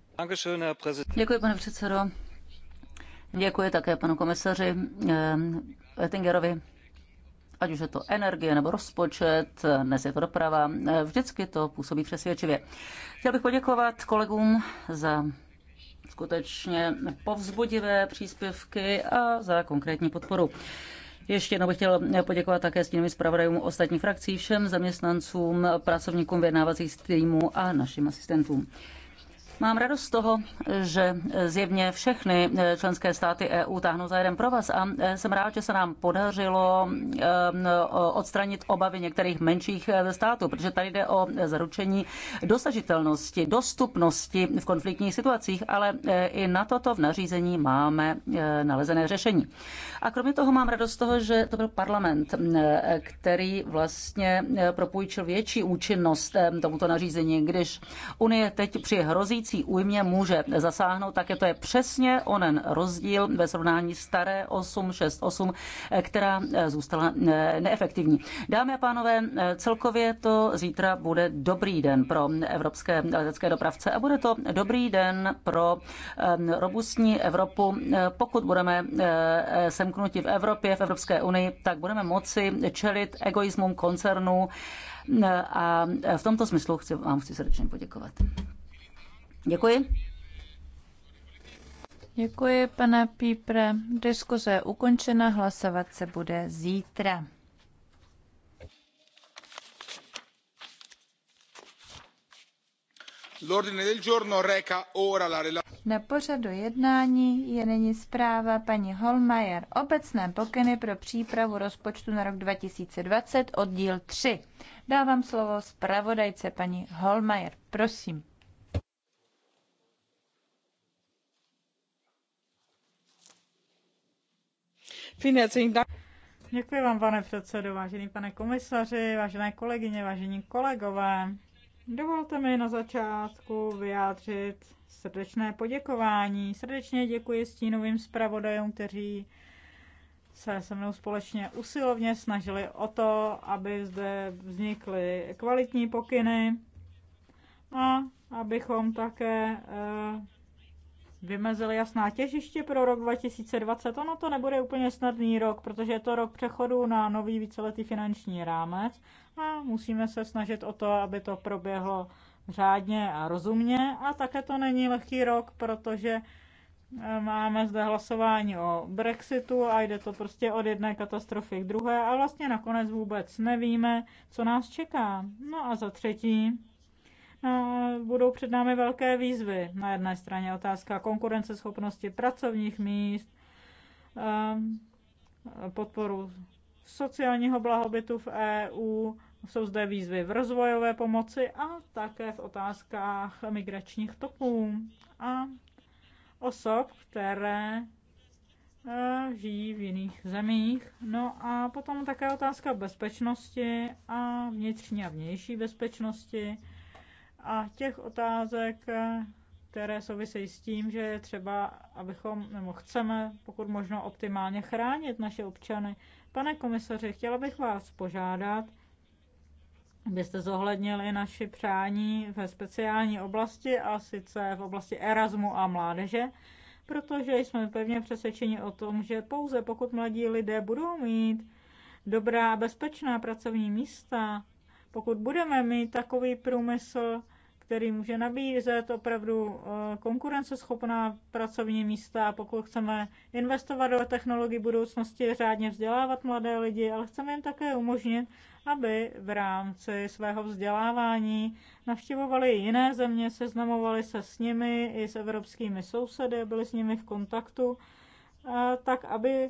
B: Děkuji, pane předsedo.
C: Děkuji také panu komisaři eh, oettingerovi ať už je to energie nebo rozpočet, dnes je to doprava, eh, vždycky to působí přesvědčivě. Chtěl bych poděkovat kolegům za skutečně povzbudivé příspěvky a za konkrétní podporu. Ještě jednou bych chtěl poděkovat také stínovým zpravodajům ostatních frakcí, všem zaměstnancům, pracovníkům vyjednávacích týmů a našim asistentům. Mám radost z toho, že zjevně všechny eh, členské státy EU táhnou za jeden pro vás a eh, jsem rád, že se nám podařilo ehm, odstranit obavy některých menších eh, států, protože tady jde o zaručení dosažitelnosti, dostupnosti v konfliktních situacích, ale i na toto v nařízení máme nalezené řešení. A kromě toho mám radost z toho, že to byl parlament, který vlastně propůjčil větší účinnost ehm, tomuto nařízení, když Unie teď při hrozí hrozící újmě může zasáhnout, tak je to je přesně onen rozdíl ve srovnání staré 868, která eh, zůstala eh, neefektivní. Dámy a pánové, eh, celkově to zítra bude dobrý den pro evropské letecké dopravce a bude to dobrý den pro robustní Evropu. Pokud budeme semknuti v Evropě, v Evropské unii, tak budeme moci čelit egoismům koncernů a v tomto smyslu chci, vám
B: chci srdečně poděkovat. Děkuji. Děkuji, pane Pípre. Diskuze je ukončena, hlasovat se bude zítra. Na pořadu jednání je nyní zpráva paní Holmajer. Obecné pokyny pro přípravu rozpočtu na rok 2020 oddíl 3. Dávám slovo zpravodajce paní Holmajer. Prosím.
A: Děkuji vám, pane předsedo, vážený pane komisaři, vážené kolegyně, vážení kolegové. Dovolte mi na začátku vyjádřit srdečné poděkování. Srdečně děkuji stínovým zpravodajům, kteří se se mnou společně usilovně snažili o to, aby zde vznikly kvalitní pokyny a abychom také eh, vymezili jasná těžiště pro rok 2020. Ono to nebude úplně snadný rok, protože je to rok přechodu na nový víceletý finanční rámec a musíme se snažit o to, aby to proběhlo řádně a rozumně. A také to není lehký rok, protože eh, máme zde hlasování o Brexitu a jde to prostě od jedné katastrofy k druhé a vlastně nakonec vůbec nevíme, co nás čeká. No a za třetí, budou před námi velké výzvy. Na jedné straně otázka konkurenceschopnosti pracovních míst, ehm, podporu sociálního blahobytu v EU, jsou zde výzvy v rozvojové pomoci a také v otázkách migračních toků a osob, které e, žijí v jiných zemích. No a potom také otázka bezpečnosti a vnitřní a vnější bezpečnosti a těch otázek, které souvisejí s tím, že je třeba, abychom, nebo chceme, pokud možno optimálně chránit naše občany. Pane komisaři, chtěla bych vás požádat, abyste zohlednili i naši přání ve speciální oblasti, a sice v oblasti Erasmu a mládeže, protože jsme pevně přesvědčeni o tom, že pouze pokud mladí lidé budou mít dobrá, a bezpečná pracovní místa, pokud budeme mít takový průmysl, který může nabízet opravdu eh, konkurenceschopná pracovní místa a pokud chceme investovat do technologií budoucnosti, řádně vzdělávat mladé lidi, ale chceme jim také umožnit, aby v rámci svého vzdělávání navštěvovali jiné země, seznamovali se s nimi i s evropskými sousedy, byli s nimi v kontaktu, eh, tak aby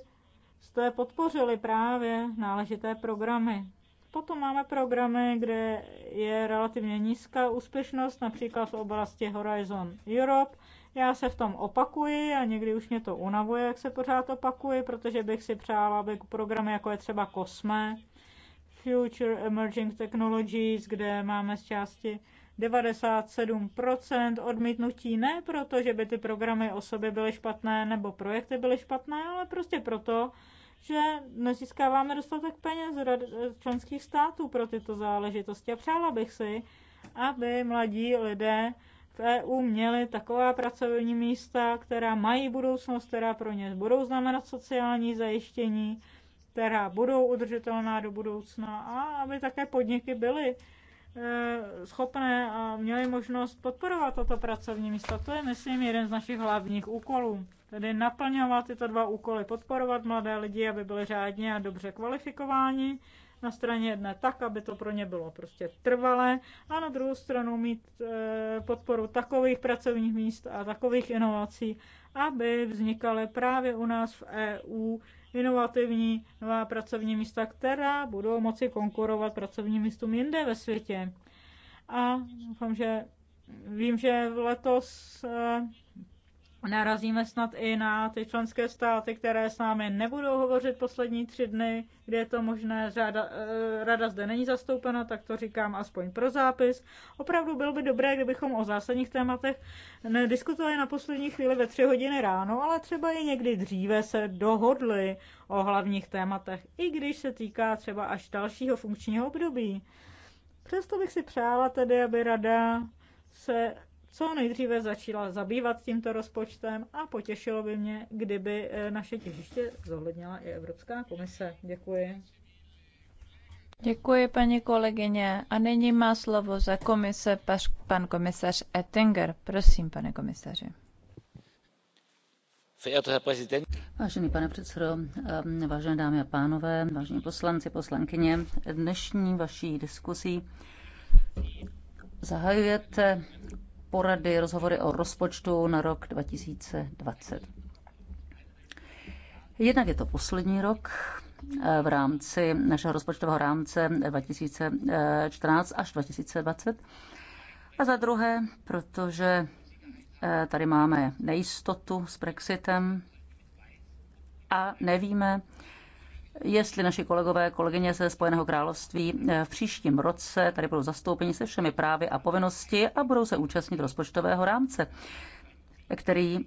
A: jste podpořili právě náležité programy. Potom máme programy, kde je relativně nízká úspěšnost, například v oblasti Horizon Europe. Já se v tom opakuji a někdy už mě to unavuje, jak se pořád opakuji, protože bych si přála, aby programy jako je třeba COSME, Future Emerging Technologies, kde máme z části 97% odmítnutí, ne proto, že by ty programy osoby byly špatné nebo projekty byly špatné, ale prostě proto, že nezískáváme dostatek peněz z členských států pro tyto záležitosti. A přála bych si, aby mladí lidé v EU měli taková pracovní místa, která mají budoucnost, která pro ně budou znamenat sociální zajištění, která budou udržitelná do budoucna a aby také podniky byly Eh, schopné a měli možnost podporovat toto pracovní místo. To je, myslím, jeden z našich hlavních úkolů. Tedy naplňovat tyto dva úkoly, podporovat mladé lidi, aby byli řádně a dobře kvalifikováni na straně jedné tak, aby to pro ně bylo prostě trvalé a na druhou stranu mít eh, podporu takových pracovních míst a takových inovací, aby vznikaly právě u nás v EU inovativní nová pracovní místa, která budou moci konkurovat pracovním místům jinde ve světě. A doufám, že vím, že letos eh, narazíme snad i na ty členské státy, které s námi nebudou hovořit poslední tři dny, kde je to možné, řada, eh, rada zde není zastoupena, tak to říkám aspoň pro zápis. Opravdu bylo by dobré, kdybychom o zásadních tématech nediskutovali na poslední chvíli ve tři hodiny ráno, ale třeba i někdy dříve se dohodli o hlavních tématech, i když se týká třeba až dalšího funkčního období. Přesto bych si přála tedy, aby rada se co nejdříve začala zabývat tímto rozpočtem a potěšilo by mě, kdyby eh, naše těžiště zohlednila i Evropská komise. Děkuji.
B: Děkuji, paní kolegyně. A nyní má slovo za komise pan komisař Ettinger. Prosím, pane komisaři. Vážený pane předsedo, eh, vážené dámy a pánové, vážení poslanci,
C: poslankyně, dnešní vaší diskusí zahajujete porady, rozhovory o rozpočtu na rok 2020. Jednak je to poslední rok eh, v rámci našeho rozpočtového rámce 2014 až 2020. A za druhé, protože eh, tady máme nejistotu s Brexitem a nevíme, jestli naši kolegové, kolegyně ze Spojeného království eh, v příštím roce tady budou zastoupeni se všemi právy a povinnosti a budou se účastnit rozpočtového rámce, který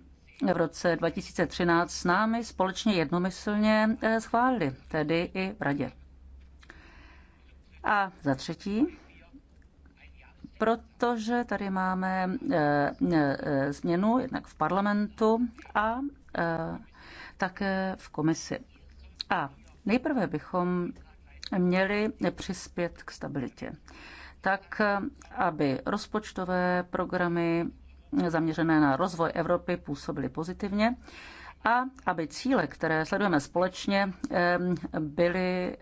C: v roce 2013 s námi společně jednomyslně eh, schválili, tedy i v radě. A za třetí, protože tady máme eh, změnu jednak v parlamentu a také v komisi. A Nejprve bychom měli přispět k stabilitě, tak aby rozpočtové programy zaměřené na rozvoj Evropy působily pozitivně a aby cíle, které sledujeme společně, byly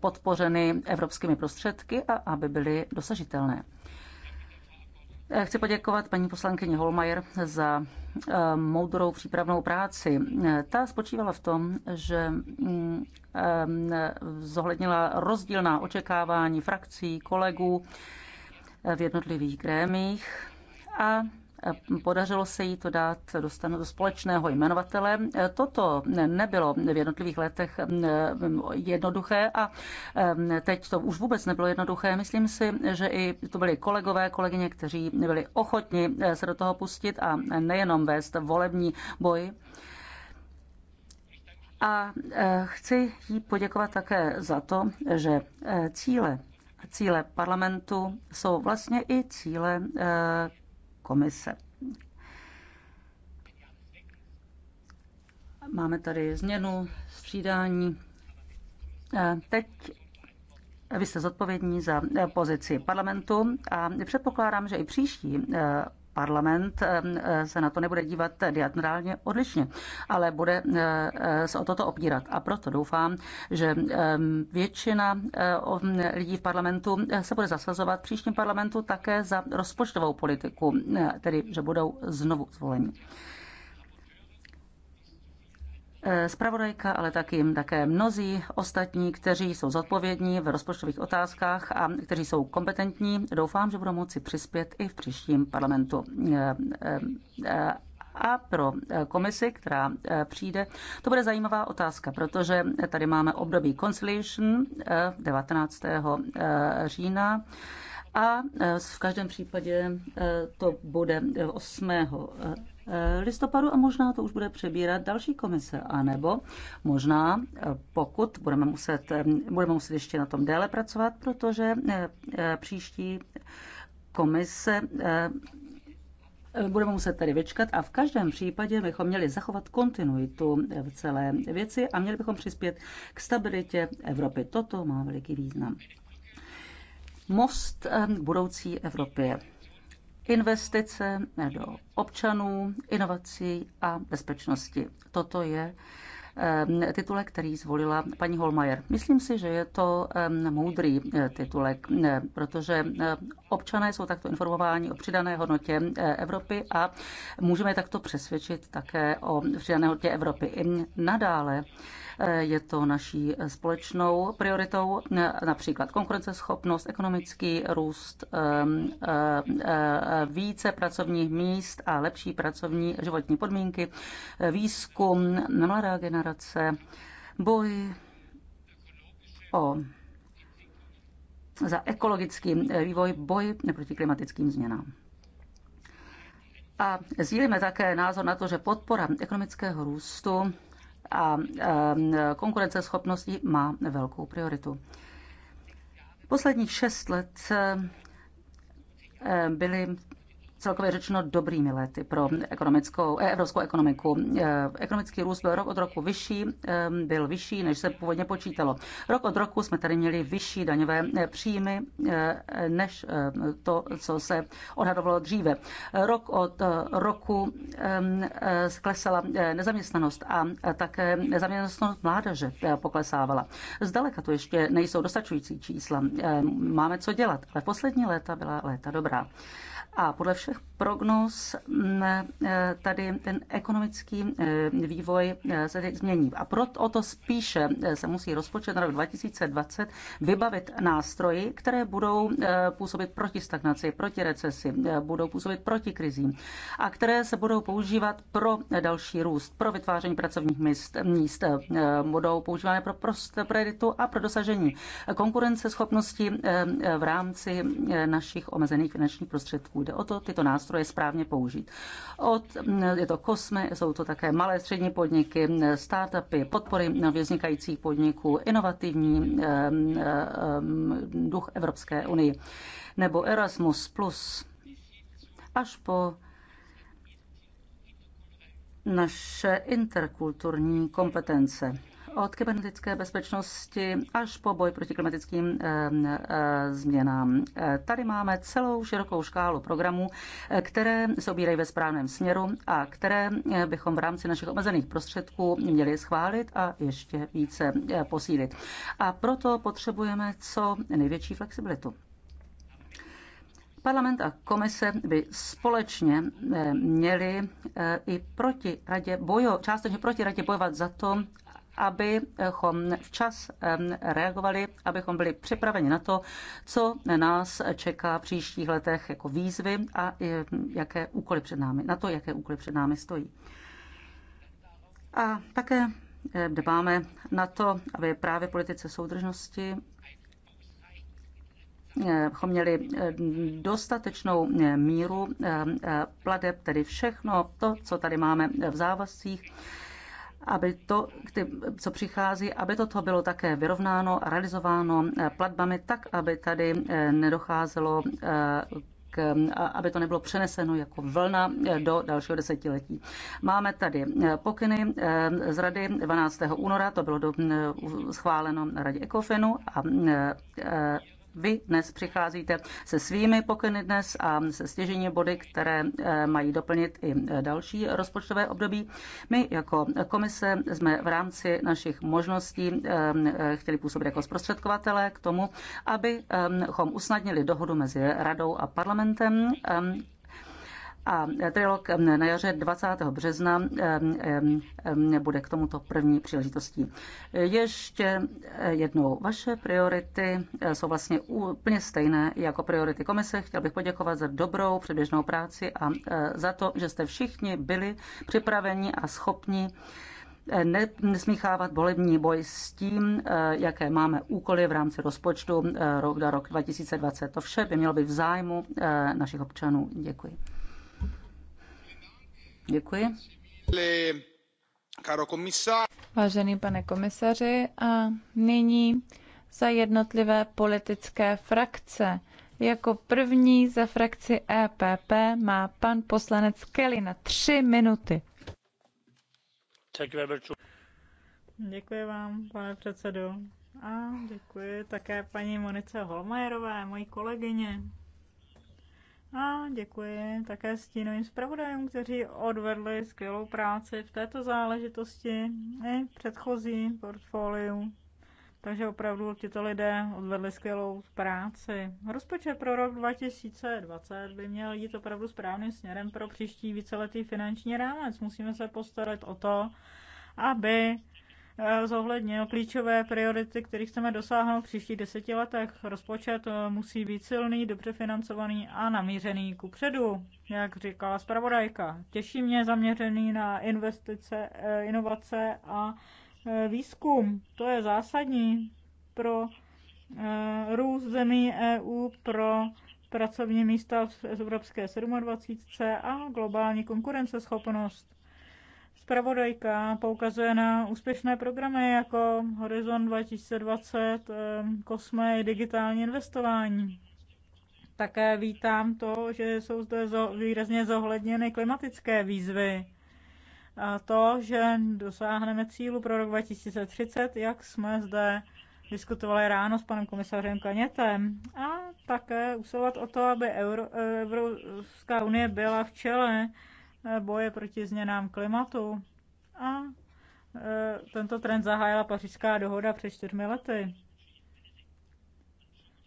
C: podpořeny evropskými prostředky a aby byly dosažitelné. Eh, chci poděkovat paní poslankyni Holmajer za eh, moudrou přípravnou práci. Eh, ta spočívala v tom, že mm, zohlednila rozdílná očekávání frakcí, kolegů v jednotlivých grémích a podařilo se jí to dát do společného jmenovatele. Toto nebylo v jednotlivých letech eh, jednoduché a eh, teď to už vůbec nebylo jednoduché. Myslím si, že i to byli kolegové, kolegyně, kteří byli ochotni eh, se do toho pustit a nejenom vést volební boj, a chci jí poděkovat také za to, že cíle, cíle parlamentu jsou vlastně i cíle komise. Máme tady změnu, střídání. Teď vy jste zodpovědní za pozici parlamentu a předpokládám, že i příští parlament eh, eh, se na to nebude dívat diatrálně odlišně, ale bude eh, se o toto opírat. A proto doufám, že většina lidí v parlamentu se bude zasazovat v příštím parlamentu také za rozpočtovou politiku, tedy že budou znovu zvoleni zpravodajka, ale taky také mnozí ostatní, kteří jsou zodpovědní v rozpočtových otázkách a kteří jsou kompetentní. Doufám, že budou moci přispět i v příštím parlamentu a pro komisi, která přijde. To bude zajímavá otázka, protože tady máme období conciliation eh, 19. října a e, v každém případě e, to bude 8 e, listopadu a možná to už bude přebírat další komise, anebo možná, pokud budeme muset, budeme muset ještě na tom déle pracovat, protože příští komise budeme muset tady vyčkat a v každém případě bychom měli zachovat kontinuitu v celé věci a měli bychom přispět k stabilitě Evropy. Toto má veliký význam most k eh, budoucí Evropě. Investice eh, do občanů, inovací a bezpečnosti. Toto je eh, titulek, který zvolila paní Holmajer. Myslím si, že je to moudrý titulek, protože Občané jsou takto informováni o přidané hodnotě eh, Evropy a můžeme takto přesvědčit také o přidané hodnotě Evropy. I nadále eh, je to naší společnou prioritou, eh, například konkurenceschopnost, ekonomický růst, více pracovních míst a lepší pracovní životní podmínky, výzkum, mladá generace, boj o za ekologický vývoj, boj proti klimatickým změnám. A sdílíme také názor na to, že podpora ekonomického růstu a konkurenceschopnosti má velkou prioritu. Posledních šest let eh, byly celkově řečeno dobrými lety pro ekonomickou, eh, evropskou ekonomiku. Eh, ekonomický růst byl rok od roku vyšší, eh, byl vyšší, než se původně počítalo. Rok od roku jsme tady měli vyšší daňové příjmy, než to, co se odhadovalo dříve. Rok od roku klesala nezaměstnanost a také nezaměstnanost mládeže poklesávala. Zdaleka to ještě nejsou dostačující čísla. Máme co dělat, ale poslední léta byla léta dobrá a podle všech prognóz mm, e, tady ten ekonomický e, vývoj e, se teď změní. A proto o to spíše se musí rozpočet na rok 2020 vybavit nástroji, které budou působit proti stagnaci, proti recesi, budou působit proti krizím a které se budou používat pro další růst, pro vytváření pracovních míst, míst budou používány pro prost kreditu a pro dosažení konkurenceschopnosti v rámci našich omezených finančních prostředků. Jde o to tyto nástroje nástroje správně použít. Od, je to kosme, jsou to také malé střední podniky, startupy, podpory vznikajících podniků, inovativní duch Evropské unie nebo Erasmus+, plus, až po naše interkulturní kompetence od kybernetické bezpečnosti až po boj proti klimatickým eh, eh, změnám. Eh, tady máme celou širokou škálu programů, které se obírají ve správném směru a které bychom v rámci našich omezených prostředků měli schválit a ještě více posílit. A proto potřebujeme co největší flexibilitu parlament a komise by společně měli i proti radě bojo, částečně proti radě bojovat za to, abychom včas reagovali, abychom byli připraveni na to, co nás čeká v příštích letech jako výzvy a jaké úkoly před námi, na to, jaké úkoly před námi stojí. A také dbáme na to, aby právě politice soudržnosti bychom měli dostatečnou míru plateb, tedy všechno to, co tady máme v závazcích, aby to, co přichází, aby toto bylo také vyrovnáno a realizováno eh, platbami tak, aby tady eh, nedocházelo eh, k, aby to nebylo přeneseno jako vlna do dalšího desetiletí. Máme tady pokyny z Rady 12. února, to bylo schváleno na Radě Ekofinu a vy dnes přicházíte se svými pokyny dnes a se stěžení body, které eh, mají doplnit i eh, další rozpočtové období. My jako komise jsme v rámci našich možností eh, chtěli působit jako zprostředkovatele k tomu, abychom usnadnili dohodu mezi radou a parlamentem a trilog na jaře 20. března bude k tomuto první příležitostí. Ještě jednou, vaše priority eh, jsou vlastně úplně stejné jako priority komise. Chtěl bych poděkovat za dobrou předběžnou práci a eh, za to, že jste všichni byli připraveni a schopni eh, nesmíchávat volební boj s tím, jaké máme úkoly v rámci rozpočtu rok do rok 2020. To vše by mělo být v zájmu našich občanů. Děkuji. Děkuji.
B: Vážený pane komisaři, a nyní za jednotlivé politické frakce. Jako první za frakci EPP má pan poslanec Kelly na tři minuty.
A: Děkuji vám, pane předsedo. A děkuji také paní Monice Holmajerové, mojí kolegyně. A děkuji také stínovým zpravodajům, kteří odvedli skvělou práci v této záležitosti i předchozí portfoliu. Takže opravdu tyto lidé odvedli skvělou práci. Rozpočet pro rok 2020 by měl jít opravdu správným směrem pro příští víceletý finanční rámec. Musíme se postarat o to, aby Eh, zohlednil klíčové priority, které chceme dosáhnout v příštích deseti letech. Rozpočet eh, musí být silný, dobře financovaný a namířený ku předu, jak říkala zpravodajka. Těší mě zaměřený na investice, eh, inovace a výzkum. To je zásadní pro růst zemí EU, pro pracovní místa v Evropské 27 a globální konkurenceschopnost. Spravodajka poukazuje na úspěšné programy jako Horizon 2020, eh, Kosme digitální investování. Také vítám to, že jsou zde výrazně zohledněny klimatické výzvy. A to, že dosáhneme cílu pro rok 2030, jak jsme zde diskutovali ráno s panem komisařem Kanětem. A také usilovat o to, aby Euro, eh, Evropská unie byla v čele boje proti změnám klimatu a e, tento trend zahájila pařížská dohoda před čtyřmi lety.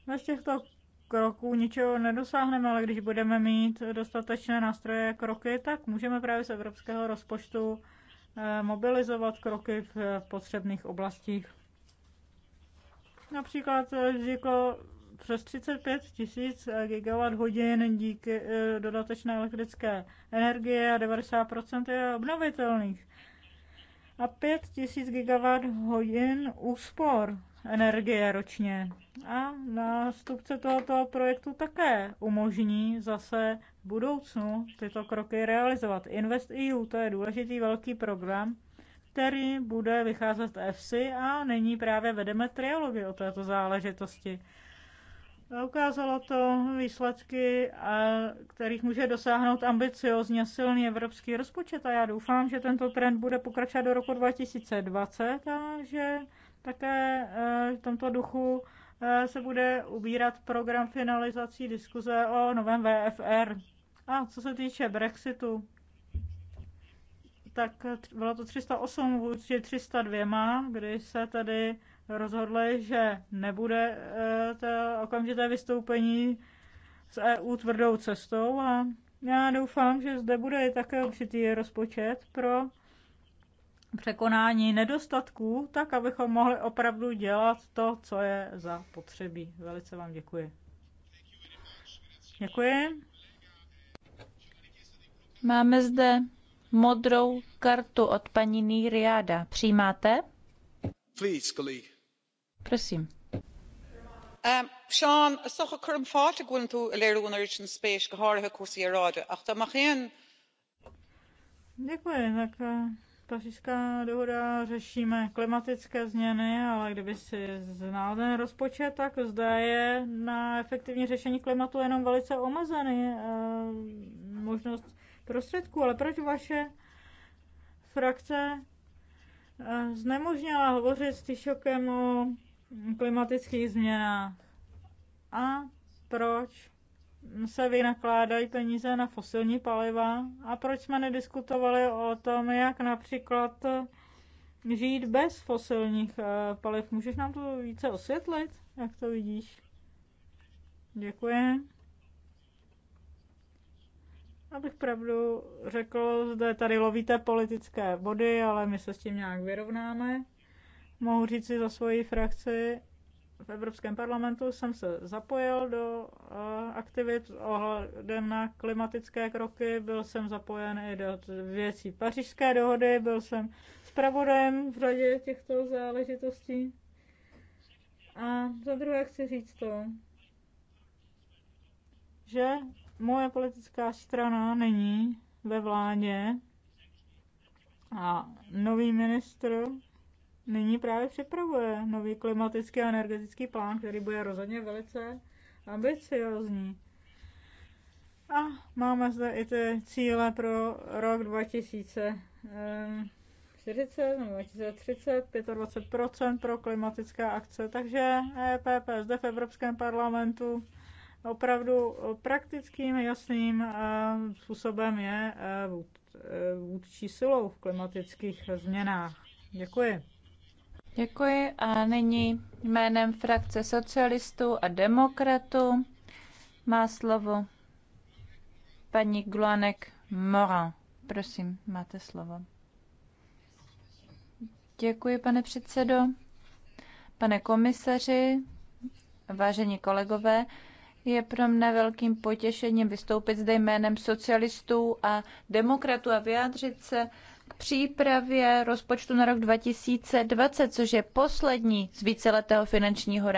A: Bez těchto kroků ničeho nedosáhneme, ale když budeme mít dostatečné nástroje a kroky, tak můžeme právě z evropského rozpočtu e, mobilizovat kroky v potřebných oblastích. Například vzniklo e, přes 35 tisíc gigawatt hodin díky eh, dodatečné elektrické energie a 90% je obnovitelných. A 5 tisíc gigawatt hodin úspor energie ročně. A nástupce tohoto projektu také umožní zase v budoucnu tyto kroky realizovat. InvestEU to je důležitý velký program, který bude vycházet z EFSI a nyní právě vedeme trialogy o této záležitosti. Ukázalo to výsledky, kterých může dosáhnout ambiciozně silný evropský rozpočet a já doufám, že tento trend bude pokračovat do roku 2020 a že také e, v tomto duchu e, se bude ubírat program finalizací diskuze o novém VFR. A co se týče Brexitu, tak bylo to 308 vůči 302, kdy se tady rozhodli, že nebude eh, to okamžité vystoupení s EU tvrdou cestou a já doufám, že zde bude také určitý rozpočet pro překonání nedostatků, tak abychom mohli opravdu dělat to, co je za potřebí. Velice vám děkuji. Děkuji.
B: Máme zde modrou kartu od paní Nýriáda. Přijímáte? Please, colleague. Prosím.
A: Seán socha chum fáte gin tú a léirúnar sin spéis go háthe cuasaí ráide ach tá chéan. Děkuji, tak Pařížská eh, dohoda řešíme klimatické změny, ale kdyby si znal ten rozpočet, tak zde je na efektivní řešení klimatu jenom velice omezený eh, možnost prostředků. Ale proč vaše frakce eh, znemožnila hovořit s Tyšokem o klimatických změnách a proč se vynakládají peníze na fosilní paliva a proč jsme nediskutovali o tom, jak například žít bez fosilních eh, paliv. Můžeš nám to více osvětlit, jak to vidíš? Děkuji. Abych pravdu řekl, zde tady lovíte politické body, ale my se s tím nějak vyrovnáme mohu říct si za svoji frakci, v Evropském parlamentu jsem se zapojil do eh, aktivit ohledem na klimatické kroky, byl jsem zapojen i do věcí pařížské dohody, byl jsem zpravodajem v řadě těchto záležitostí. A za druhé chci říct to, že moje politická strana není ve vládě a nový ministr nyní právě připravuje nový klimatický a energetický plán, který bude rozhodně velice ambiciozní. A máme zde i ty cíle pro rok 2040 nebo 2030, 25% pro klimatické akce, takže EPP zde v Evropském parlamentu opravdu praktickým, jasným eh, způsobem je eh, eh, vůdčí silou v klimatických změnách. Děkuji. Děkuji a nyní jménem
B: frakce socialistů a demokratů má slovo paní Gluanek Moran. Prosím, máte slovo. Děkuji, pane předsedo. Pane komisaři, vážení kolegové, je pro mne velkým potěšením vystoupit zde jménem socialistů a demokratů a vyjádřit se přípravě rozpočtu na rok 2020, což je poslední z víceletého finančního rámce.